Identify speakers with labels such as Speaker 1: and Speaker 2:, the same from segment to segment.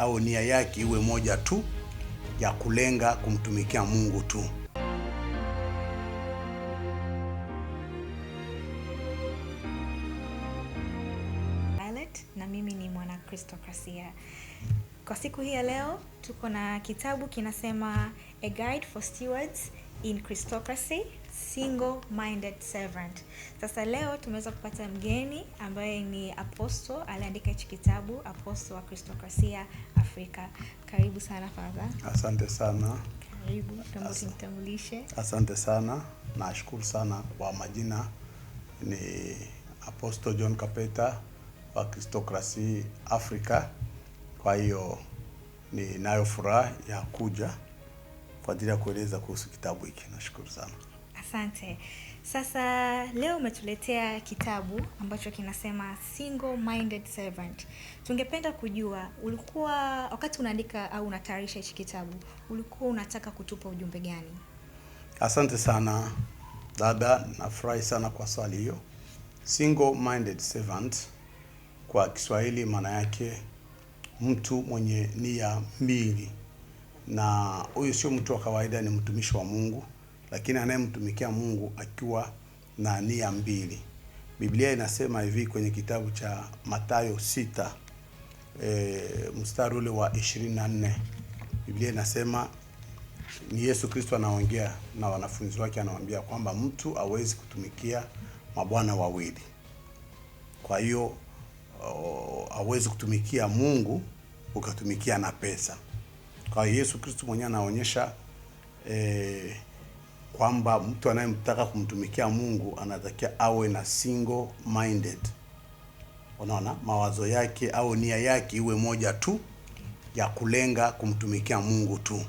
Speaker 1: au nia yake iwe moja tu ya kulenga kumtumikia Mungu tu.
Speaker 2: Violet, na mimi ni mwana Kristokrasia. Kwa siku hii ya leo tuko na kitabu kinasema A Guide for Stewards in Christocracy single minded servant. Sasa leo tumeweza kupata mgeni ambaye ni Apostle, aliandika hichi kitabu Apostle wa Kristokrasia Afrika. Karibu sana Father.
Speaker 3: Asante sana.
Speaker 2: Karibu, tumtambulishe.
Speaker 3: Asante sana, nashukuru sana kwa majina, ni Apostle John Kapeta wa kristokrasi Afrika. Kwa hiyo ninayo furaha ya kuja kwa ajili ya kueleza kuhusu kitabu hiki. Nashukuru sana.
Speaker 2: Asante. Sasa leo umetuletea kitabu ambacho kinasema Single Minded Servant. Tungependa kujua ulikuwa wakati unaandika au unatayarisha hichi kitabu, ulikuwa unataka kutupa ujumbe gani?
Speaker 3: Asante sana dada, nafurahi sana kwa swali hiyo. Single Minded Servant kwa Kiswahili maana yake mtu mwenye nia mbili, na huyu sio mtu wa kawaida, ni mtumishi wa Mungu lakini anayemtumikia Mungu akiwa na nia mbili. Biblia inasema hivi kwenye kitabu cha Mathayo sita e, mstari ule wa 24. Biblia inasema ni Yesu Kristo anaongea na wanafunzi wake, anawaambia kwamba mtu hawezi kutumikia mabwana wawili. Kwa hiyo hawezi kutumikia Mungu ukatumikia na pesa. Kwa hiyo Yesu Kristo mwenyewe anaonyesha eh, kwamba mtu anayemtaka kumtumikia Mungu anatakiwa awe na single minded. Unaona, mawazo yake au nia yake iwe moja tu ya kulenga kumtumikia Mungu tu.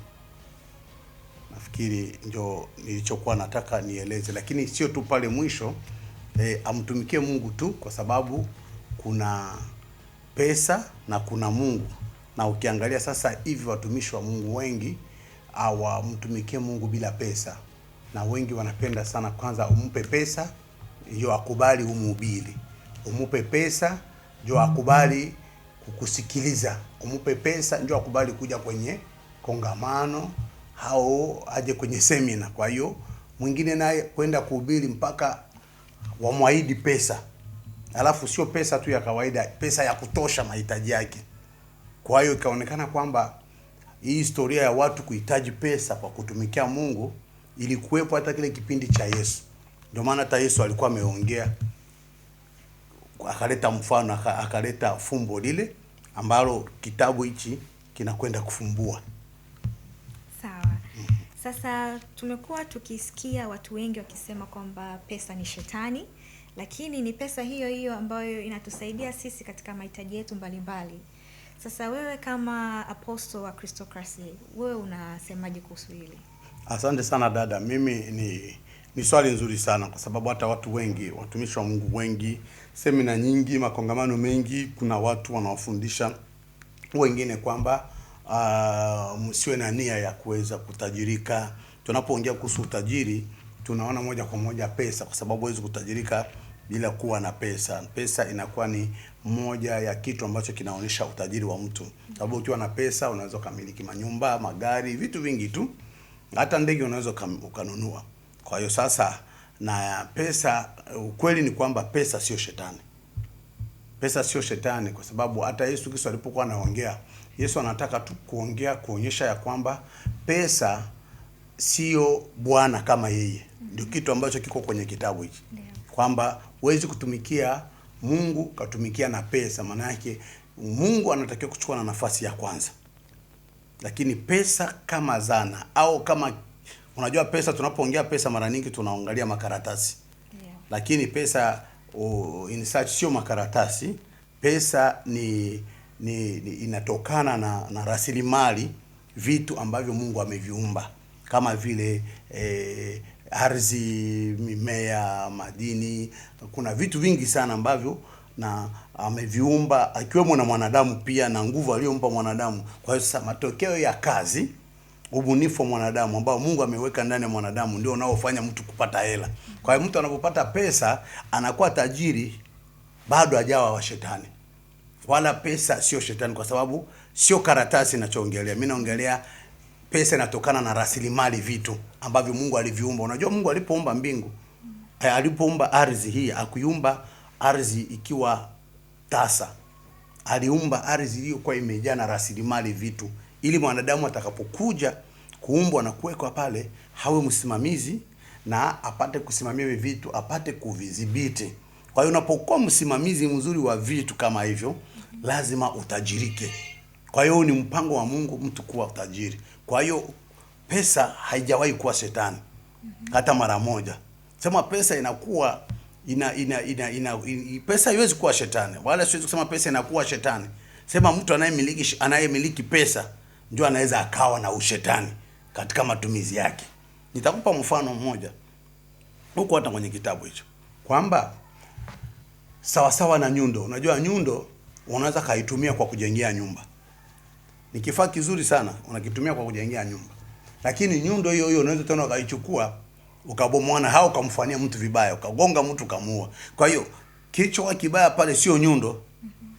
Speaker 3: Nafikiri ndio nilichokuwa nataka nieleze, lakini sio tu pale mwisho e, amtumikie Mungu tu, kwa sababu kuna pesa na kuna Mungu. Na ukiangalia sasa hivi watumishi wa Mungu wengi hawamtumikie Mungu bila pesa na wengi wanapenda sana, kwanza umpe pesa ndio akubali umhubiri, umupe pesa ndio akubali kukusikiliza, umupe pesa ndio akubali kuja kwenye kongamano au aje kwenye semina. Kwa hiyo mwingine naye kwenda kuhubiri mpaka wamwahidi pesa, alafu sio pesa tu ya kawaida, pesa ya kutosha mahitaji yake. Kwa hiyo ikaonekana kwamba hii historia ya watu kuhitaji pesa kwa kutumikia Mungu ilikuwepo hata kile kipindi cha Yesu. Ndio maana hata Yesu alikuwa ameongea akaleta mfano akaleta fumbo lile ambalo kitabu hichi kinakwenda kufumbua.
Speaker 2: Sawa. Sasa tumekuwa tukisikia watu wengi wakisema kwamba pesa ni shetani, lakini ni pesa hiyo hiyo ambayo inatusaidia sisi katika mahitaji yetu mbalimbali. Sasa wewe kama apostle wa Christocracy, wewe unasemaje kuhusu hili?
Speaker 3: Asante sana dada, mimi ni ni swali nzuri sana kwa sababu hata watu wengi watumishi wa Mungu wengi, semina nyingi, makongamano mengi, kuna watu wanawafundisha wengine kwamba uh, msiwe na nia ya kuweza kutajirika. Tunapoongea kuhusu utajiri, tunaona moja kwa moja pesa, kwa sababu huwezi kutajirika bila kuwa na pesa. Pesa inakuwa ni moja ya kitu ambacho kinaonyesha utajiri wa mtu, sababu ukiwa na pesa unaweza ukamiliki manyumba, magari, vitu vingi tu hata ndege unaweza ukanunua. Kwa hiyo sasa, na pesa, ukweli ni kwamba pesa sio shetani, pesa sio shetani, kwa sababu hata Yesu Kristo alipokuwa anaongea, Yesu anataka tu kuongea kuonyesha ya kwamba pesa sio bwana kama yeye. Ndio kitu ambacho kiko kwenye kitabu hichi kwamba huwezi kutumikia Mungu ukatumikia na pesa. Maana yake Mungu anatakiwa kuchukua na nafasi ya kwanza lakini pesa kama zana au kama unajua, pesa tunapoongea pesa, mara nyingi tunaangalia makaratasi yeah. Lakini pesa oh, in sio makaratasi. Pesa ni, ni, ni inatokana na, na rasilimali, vitu ambavyo Mungu ameviumba kama vile eh, ardhi, mimea, madini. Kuna vitu vingi sana ambavyo na ameviumba akiwemo na mwanadamu pia na nguvu aliyompa mwanadamu. Kwa hiyo sasa matokeo ya kazi, ubunifu wa mwanadamu ambao Mungu ameweka ndani ya mwanadamu ndio unaofanya mtu kupata hela. Kwa hiyo mtu anapopata pesa anakuwa tajiri, bado hajawa wa shetani, wala pesa sio shetani, kwa sababu sio karatasi ninachoongelea mimi. Naongelea pesa inatokana na rasilimali, vitu ambavyo Mungu aliviumba. Unajua Mungu alipoumba mbingu, eh, alipoumba ardhi hii, akuiumba ardhi ikiwa tasa aliumba ardhi iliyokuwa imejaa na rasilimali vitu, ili mwanadamu atakapokuja kuumbwa na kuwekwa pale hawe msimamizi na apate kusimamia hivi vitu, apate kuvidhibiti. Kwa hiyo unapokuwa msimamizi mzuri wa vitu kama hivyo, lazima utajirike. Kwa hiyo ni mpango wa Mungu mtu kuwa tajiri Kwa hiyo pesa haijawahi kuwa shetani hata mara moja, sema pesa inakuwa ina, ina, ina, ina, ina pesa haiwezi kuwa shetani, wala siwezi kusema pesa inakuwa shetani. Sema mtu anayemiliki anayemiliki pesa ndio anaweza akawa na ushetani katika matumizi yake. Nitakupa mfano mmoja huko hata kwenye kitabu hicho kwamba sawasawa na nyundo. Unajua nyundo unaweza kaitumia kwa kujengea nyumba, ni kifaa kizuri sana, unakitumia kwa kujengea nyumba, lakini nyundo hiyo hiyo unaweza tena ukaichukua ukabomwana hao, ukamfanyia mtu vibaya, ukagonga mtu ukamuua. Kwa hiyo kichwa kibaya pale sio nyundo,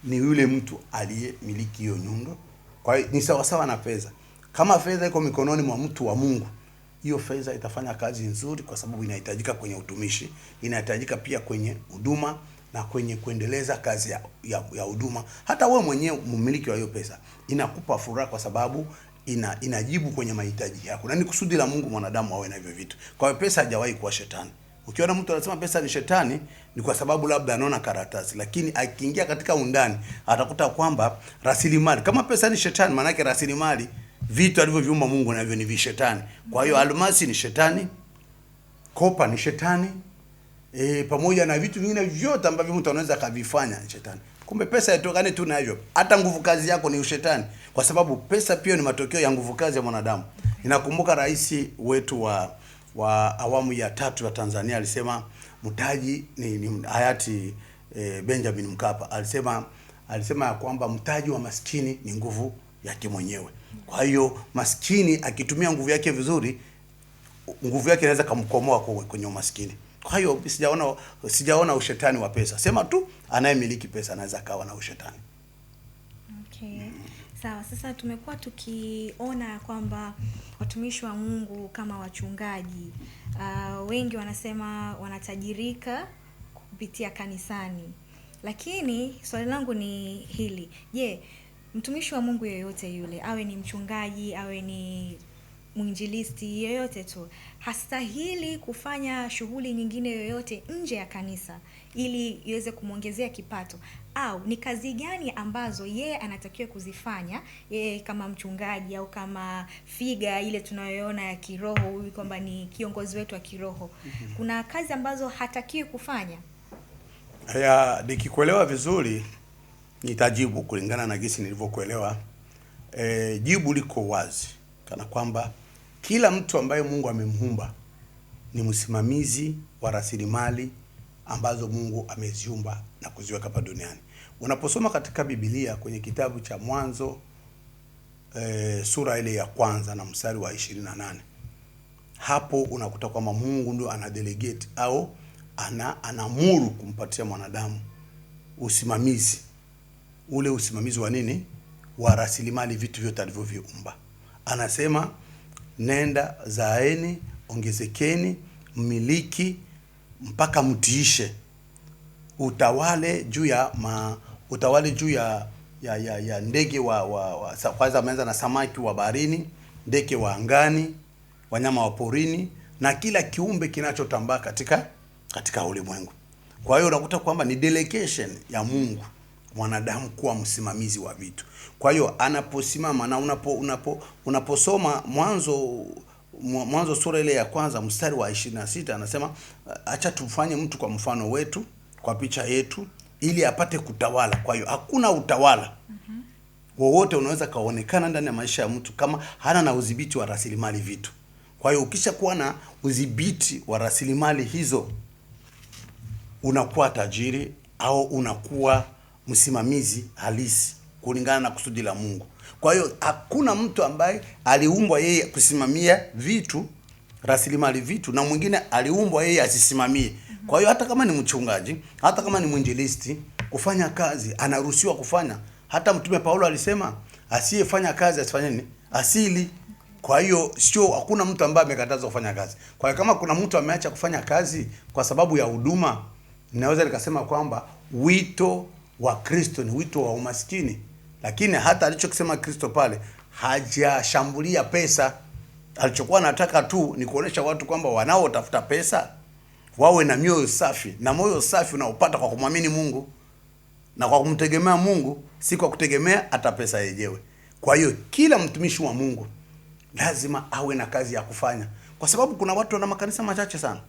Speaker 3: ni yule mtu aliyemiliki hiyo nyundo. Kwa hiyo ni sawasawa na fedha. Kama fedha iko mikononi mwa mtu wa Mungu, hiyo fedha itafanya kazi nzuri, kwa sababu inahitajika kwenye utumishi, inahitajika pia kwenye huduma na kwenye kuendeleza kazi ya huduma ya, ya Hata wewe mwenyewe mmiliki wa hiyo pesa inakupa furaha, kwa sababu ina inajibu kwenye mahitaji yako, na ni kusudi la Mungu mwanadamu awe na hivyo vitu. Kwa hiyo pesa hajawahi kuwa shetani. Ukiona mtu anasema pesa ni shetani, ni kwa sababu labda anaona karatasi, lakini akiingia katika undani atakuta kwamba rasilimali, kama pesa ni shetani, maana yake rasilimali, vitu alivyoviumba Mungu navyo ni vishetani. Kwa hiyo almasi ni shetani, kopa ni shetani, e, pamoja na vitu vingine vyote ambavyo mtu anaweza akavifanya ni shetani. Kumbe pesa yatokane tu na hivyo, hata nguvu kazi yako ni ushetani kwa sababu pesa pia ni matokeo ya nguvu kazi ya mwanadamu. Ninakumbuka rais wetu wa wa awamu ya tatu ya Tanzania alisema mtaji ni, ni hayati e, Benjamin Mkapa alisema alisema ya kwamba mtaji wa maskini ni nguvu yake mwenyewe. Kwa hiyo maskini akitumia nguvu yake vizuri, nguvu yake inaweza kumkomoa kwenye umaskini. Kwa hiyo sijaona sijaona ushetani wa pesa, sema tu anayemiliki pesa anaweza akawa na ushetani
Speaker 2: okay. mm. Sawa, sasa tumekuwa tukiona kwamba watumishi wa Mungu kama wachungaji uh, wengi wanasema wanatajirika kupitia kanisani, lakini swali langu ni hili: je, mtumishi wa Mungu yeyote yule, awe ni mchungaji, awe ni mwinjilisti yeyote tu, hastahili kufanya shughuli nyingine yoyote nje ya kanisa ili iweze kumwongezea kipato, au ni kazi gani ambazo yeye anatakiwa kuzifanya yeye kama mchungaji au kama figa ile tunayoona ya kiroho, huyu kwamba ni kiongozi wetu wa kiroho? Mhm. Kuna kazi ambazo hatakiwi kufanya?
Speaker 3: ya nikikuelewa vizuri nitajibu kulingana na gisi nilivyokuelewa. E, jibu liko wazi kana kwamba kila mtu ambaye Mungu amemumba ni msimamizi wa rasilimali ambazo Mungu ameziumba na kuziweka hapa duniani. Unaposoma katika Biblia kwenye kitabu cha Mwanzo e, sura ile ya kwanza na mstari wa 28, hapo unakuta kwamba Mungu ndio ana delegate au ana anamuru kumpatia mwanadamu usimamizi ule usimamizi wa nini, wa rasilimali, vitu vyote alivyoviumba, anasema nenda zaeni, ongezekeni, mmiliki mpaka mtiishe, utawale juu ya ma, utawale juu ya ya, ya, ya ndege wa, wa, wa kwanza ameanza na samaki wa baharini, ndege wa angani, wanyama wa porini na kila kiumbe kinachotambaa katika katika ulimwengu. Kwa hiyo unakuta kwamba ni delegation ya Mungu mwanadamu kuwa msimamizi wa vitu. Kwa hiyo anaposimama na unapo, unapo unaposoma Mwanzo Mwanzo sura ile ya kwanza mstari wa 26 anasema, acha tufanye mtu kwa mfano wetu, kwa picha yetu, ili apate kutawala. Kwa hiyo hakuna utawala mm -hmm wowote unaweza kaonekana ndani ya maisha ya mtu kama hana na udhibiti wa rasilimali vitu. Kwa hiyo kuwa na udhibiti wa rasilimali hizo, unakuwa tajiri au unakuwa msimamizi halisi kulingana na kusudi la Mungu. Kwa hiyo hakuna mtu ambaye aliumbwa yeye kusimamia vitu, rasilimali vitu, na mwingine aliumbwa yeye asisimamie. Kwa hiyo hata kama ni mchungaji, hata kama ni mwinjilisti, kufanya kazi anaruhusiwa kufanya. Hata Mtume Paulo alisema asiyefanya kazi asifanye nini? Asili. Kwa hiyo sio, hakuna mtu ambaye amekatazwa kufanya kazi. Kwa hiyo kama kuna mtu ameacha kufanya kazi kwa sababu ya huduma, ninaweza nikasema kwamba wito wa Kristo ni wito wa umaskini, lakini hata alichokisema Kristo pale hajashambulia pesa. Alichokuwa anataka tu ni kuonesha watu kwamba wanaotafuta pesa wawe na mioyo safi, na moyo safi unaopata kwa kumwamini Mungu na kwa kumtegemea Mungu, si kwa kutegemea hata pesa yenyewe. Kwa hiyo kila mtumishi wa Mungu lazima awe na kazi ya kufanya, kwa sababu kuna watu wana makanisa machache sana.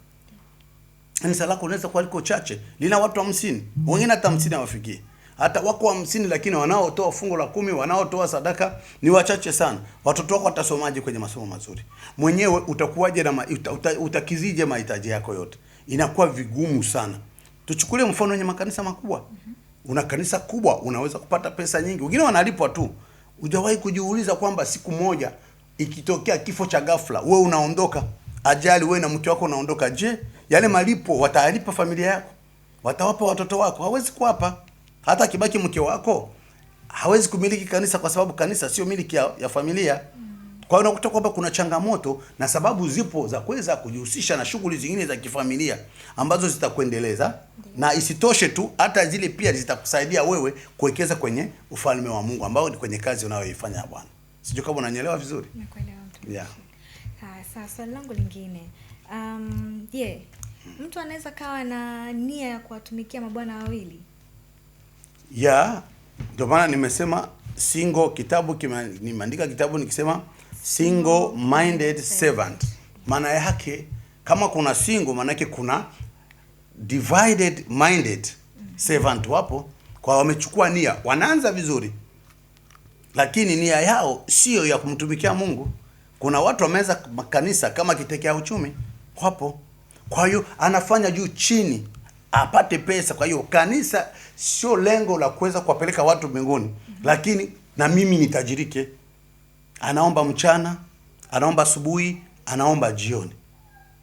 Speaker 3: Kanisa lako unaweza kuwa liko chache lina watu hamsini, wa wengine hata hamsini hawafikii hata wako hamsini, lakini wanaotoa fungo la kumi, wanaotoa sadaka ni wachache sana. Watoto wako watasomaje kwenye masomo mazuri? Mwenyewe utakuwaje na ma, uta, uta, utakizije mahitaji yako yote? Inakuwa vigumu sana. Tuchukulie mfano wenye makanisa makubwa. Una kanisa kubwa, unaweza kupata pesa nyingi, wengine wanalipwa tu. ujawahi kujiuliza kwamba siku moja ikitokea kifo cha ghafla, we unaondoka ajali, wewe na mke wako unaondoka, je, yale malipo watalipa familia yako? Watawapa watoto wako? Hawezi kuwapa. Hata akibaki mke wako hawezi kumiliki kanisa, kwa sababu kanisa sio miliki ya, ya familia. Kwa hiyo unakuta kwamba kuna changamoto na sababu zipo za kuweza kujihusisha na shughuli zingine za kifamilia ambazo zitakuendeleza na isitoshe tu, hata zile pia zitakusaidia wewe kuwekeza kwenye ufalme wa Mungu ambao ni kwenye kazi unayoifanya Bwana. Sijui kama unanielewa vizuri.
Speaker 2: Nakuelewa. Yeah. Ah, Sawa, swali langu lingine um, yeah. Mtu anaweza kawa na nia ya kuwatumikia mabwana wawili
Speaker 3: ya Ndio maana nimesema single kitabu kime, nimeandika kitabu nikisema single minded servant. Maana yake kama kuna single, maana yake kuna divided minded mm-hmm. servant wapo kwa wamechukua nia, wanaanza vizuri, lakini nia yao sio ya kumtumikia Mungu. Kuna watu wameweza makanisa kama kitekea uchumi hapo. Kwa hiyo anafanya juu chini apate pesa. Kwa hiyo kanisa sio lengo la kuweza kuwapeleka watu mbinguni, mm -hmm. lakini na mimi nitajirike. Anaomba mchana, anaomba asubuhi, anaomba jioni,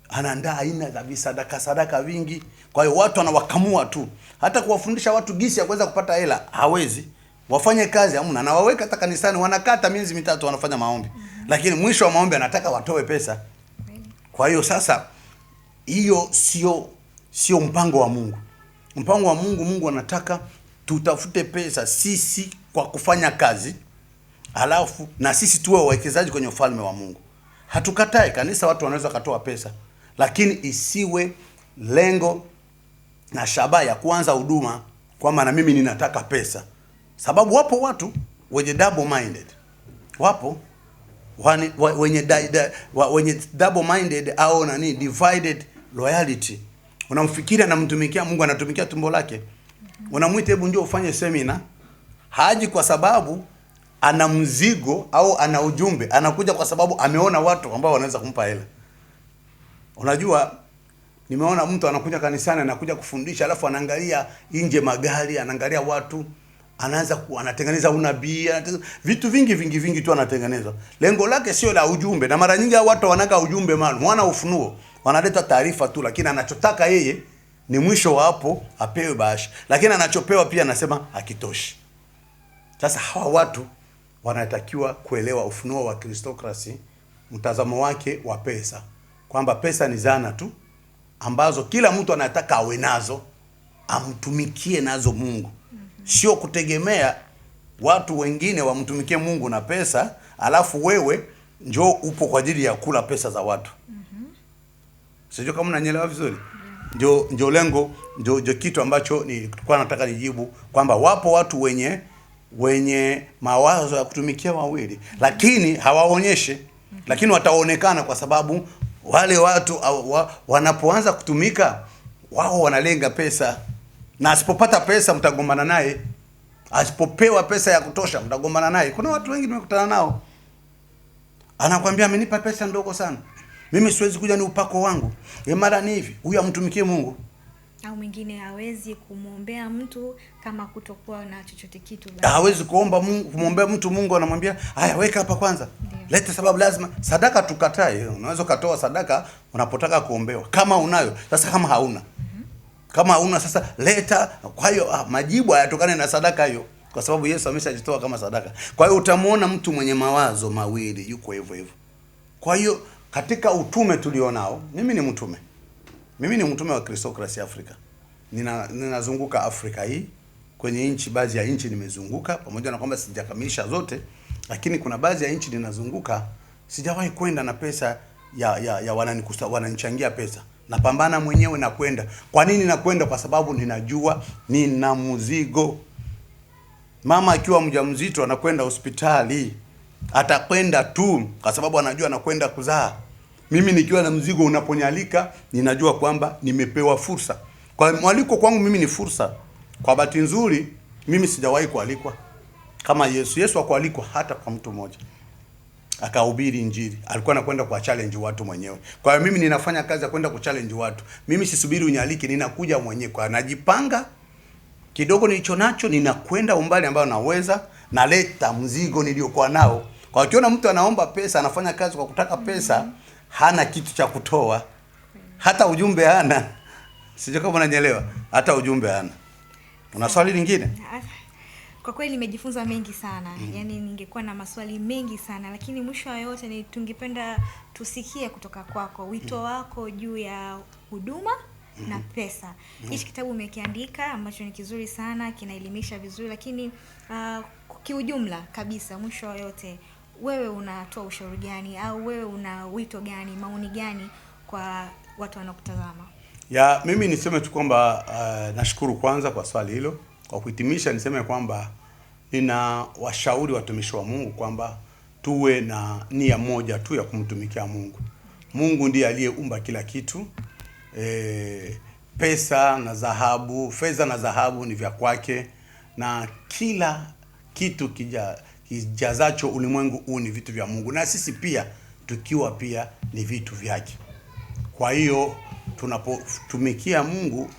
Speaker 3: anaandaa aina za visadaka sadaka vingi. Kwa hiyo watu anawakamua tu, hata kuwafundisha watu gisi ya kuweza kupata hela hawezi. Wafanye kazi hamna, anawaweka hata kanisani, wanakata miezi mitatu wanafanya maombi. mm lakini mwisho wa maombi anataka watoe pesa. Kwa hiyo sasa, hiyo sio sio mpango wa Mungu. Mpango wa Mungu, Mungu anataka tutafute pesa sisi kwa kufanya kazi, alafu na sisi tuwe wawekezaji kwenye ufalme wa Mungu. Hatukatae kanisa, watu wanaweza katoa pesa, lakini isiwe lengo na shabaha ya kuanza huduma kwamba na mimi ninataka pesa, sababu wapo watu wenye double minded, wapo wa, wenye, da, da, wenye double minded au nani divided loyalty. Unamfikiri anamtumikia Mungu, anatumikia tumbo lake. Unamwita hebu ndio ufanye semina, haji kwa sababu ana mzigo au ana ujumbe, anakuja kwa sababu ameona watu ambao wanaweza kumpa hela. Unajua, nimeona mtu anakuja kanisani, anakuja kufundisha, alafu anaangalia nje magari, anaangalia watu anaanza anatengeneza unabii, vitu vingi vingi vingi tu anatengeneza. Lengo lake sio la ujumbe, na mara nyingi watu wanaka ujumbe maalum, wana ufunuo, wanaleta taarifa tu, lakini anachotaka yeye ni mwisho wa hapo apewe bahasha, lakini anachopewa pia anasema akitoshi. Sasa hawa watu wanatakiwa kuelewa ufunuo wa Kristokrasi, mtazamo wake wa pesa, kwamba pesa ni zana tu ambazo kila mtu anataka awe nazo amtumikie nazo Mungu sio kutegemea watu wengine wamtumikie Mungu na pesa, alafu wewe njoo upo kwa ajili ya kula pesa za watu. mm -hmm. Sijui kama unanyelewa vizuri. Ndio, ndio lengo, ndio kitu ambacho nilikuwa nataka nijibu kwamba wapo watu wenye wenye mawazo ya kutumikia wawili, mm -hmm. lakini hawaonyeshe, mm -hmm. lakini wataonekana kwa sababu wale watu wa, wanapoanza kutumika wao wanalenga pesa na asipopata pesa mtagombana naye, asipopewa pesa ya kutosha mtagombana naye. Kuna watu wengi nimekutana nao, anakwambia amenipa pesa ndogo sana, mimi siwezi kuja, ni upako wangu, mara ni hivi. Huyu amtumikie Mungu
Speaker 2: au mwingine hawezi kumwombea mtu kama kutokuwa na chochote kitu,
Speaker 3: basi hawezi kuomba Mungu, kumwombea mtu Mungu anamwambia haya, weka hapa kwanza, leta sababu. Lazima sadaka tukatae, unaweza ukatoa sadaka unapotaka kuombewa kama unayo. Sasa kama hauna kama huna sasa leta. Kwa hiyo ah, majibu hayatokane na sadaka hiyo, kwa sababu Yesu ameshajitoa kama sadaka. Kwa hiyo utamwona mtu mwenye mawazo mawili yuko hivyo hivyo. Kwa hiyo katika utume tulionao, mimi ni mtume, mimi ni mtume wa Christocracy Africa. Nina ninazunguka Afrika hii kwenye nchi, baadhi ya nchi nimezunguka, pamoja na kwamba sijakamilisha zote, lakini kuna baadhi ya nchi ninazunguka, sijawahi kwenda na pesa ya ya, ya wananichangia pesa napambana mwenyewe nakwenda. Kwa nini nakwenda? Kwa sababu ninajua nina mzigo. Mama akiwa mjamzito anakwenda hospitali, atakwenda tu kwa sababu anajua anakwenda kuzaa. Mimi nikiwa na mzigo unaponyalika, ninajua kwamba nimepewa fursa. Kwa mwaliko kwangu mimi ni fursa. Kwa bahati nzuri mimi sijawahi kualikwa kama Yesu. Yesu hakualikwa hata kwa mtu mmoja akahubiri Injili. Alikuwa anakwenda kwa challenge watu mwenyewe. Kwa hiyo mimi ninafanya kazi ya kwenda ku challenge watu. Mimi sisubiri unyaliki, ninakuja mwenyewe. Kwa najipanga kidogo nilicho nacho, ninakwenda umbali ambao naweza, naleta mzigo niliokuwa nao. Kwa ukiona mtu anaomba pesa, anafanya kazi kwa kutaka pesa, mm-hmm. hana kitu cha kutoa, hata ujumbe hana. Sijui kama unanielewa, hata ujumbe hana. Una swali lingine?
Speaker 2: Kwa kweli nimejifunza mengi sana mm. Yaani ningekuwa na maswali mengi sana lakini mwisho wa yote ni tungependa tusikie kutoka kwako wito mm. wako juu ya huduma mm-hmm. na pesa mm. Hichi kitabu umekiandika ambacho ni kizuri sana, kinaelimisha vizuri, lakini uh, kiujumla kabisa, mwisho wa yote wewe unatoa ushauri gani au wewe una wito gani, maoni gani kwa watu wanaokutazama?
Speaker 3: Ya, mimi niseme tu kwamba uh, nashukuru kwanza kwa swali hilo kwa kuhitimisha, niseme kwamba nina washauri watumishi wa Mungu kwamba tuwe na nia moja tu ya kumtumikia Mungu. Mungu ndiye aliyeumba kila kitu e, pesa na dhahabu, fedha na dhahabu ni vya kwake, na kila kitu kija kijazacho ulimwengu huu ni vitu vya Mungu, na sisi pia tukiwa pia ni vitu vyake. Kwa hiyo tunapotumikia Mungu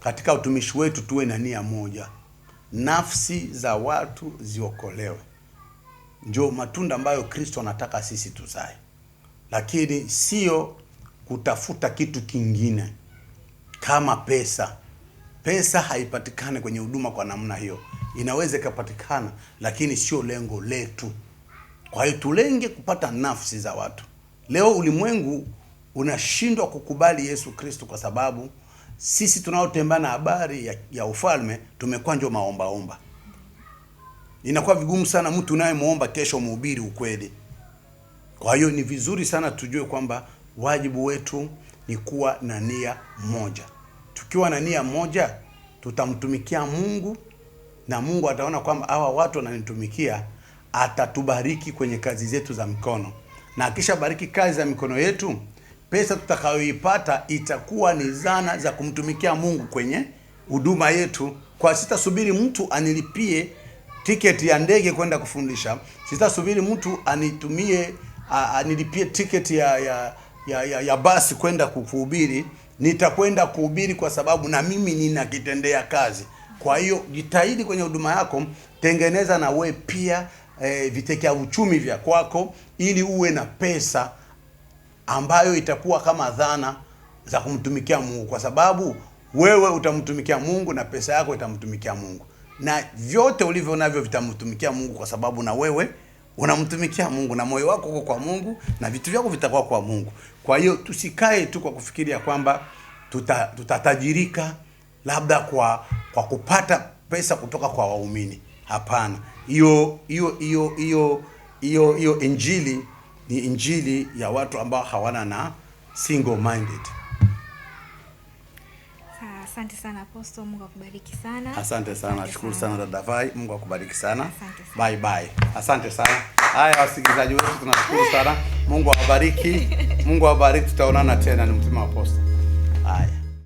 Speaker 3: katika utumishi wetu tuwe na nia moja, nafsi za watu ziokolewe. Ndio matunda ambayo Kristo anataka sisi tuzae, lakini sio kutafuta kitu kingine kama pesa. Pesa haipatikani kwenye huduma kwa namna hiyo, inaweza ikapatikana, lakini sio lengo letu. Kwa hiyo tulenge kupata nafsi za watu. Leo ulimwengu unashindwa kukubali Yesu Kristo kwa sababu sisi tunaotemba na habari ya, ya ufalme tumekuwa ndio maombaomba. Inakuwa vigumu sana mtu unayemwomba kesho mhubiri ukweli. Kwa hiyo ni vizuri sana tujue kwamba wajibu wetu ni kuwa na nia moja. Tukiwa na nia moja, tutamtumikia Mungu na Mungu ataona kwamba hawa watu wananitumikia, atatubariki kwenye kazi zetu za mikono, na akishabariki bariki kazi za mikono yetu pesa tutakayoipata itakuwa ni zana za kumtumikia Mungu kwenye huduma yetu, kwa sitasubiri mtu anilipie tiketi ya ndege kwenda kufundisha, sitasubiri mtu anitumie a, anilipie tiketi ya, ya, ya, ya, ya basi kwenda kuhubiri. Nitakwenda kuhubiri kwa sababu na mimi ninakitendea kazi. Kwa hiyo jitahidi kwenye huduma yako, tengeneza na we pia e, eh, vitekea uchumi vya kwako ili uwe na pesa ambayo itakuwa kama dhana za kumtumikia Mungu, kwa sababu wewe utamtumikia Mungu na pesa yako itamtumikia Mungu na vyote ulivyo navyo vitamtumikia Mungu, kwa sababu na wewe unamtumikia Mungu na moyo wako uko kwa Mungu na vitu vyako vitakuwa kwa Mungu. Kwa hiyo tusikae tu kwa kufikiria kwamba tuta, tutatajirika labda kwa kwa kupata pesa kutoka kwa waumini. Hapana, hiyo hiyo hiyo hiyo hiyo injili ni injili ya watu ambao hawana na single minded.
Speaker 2: Asante sana Apostle, Mungu akubariki sana.
Speaker 3: Asante sana, shukuru sana dada Vai, Mungu akubariki sana. Bye bye. Asante sana. Haya, wasikilizaji wetu tunashukuru sana. Mungu awabariki. Mungu awabariki, tutaonana tena. Ni mtume wa Apostle. Haya.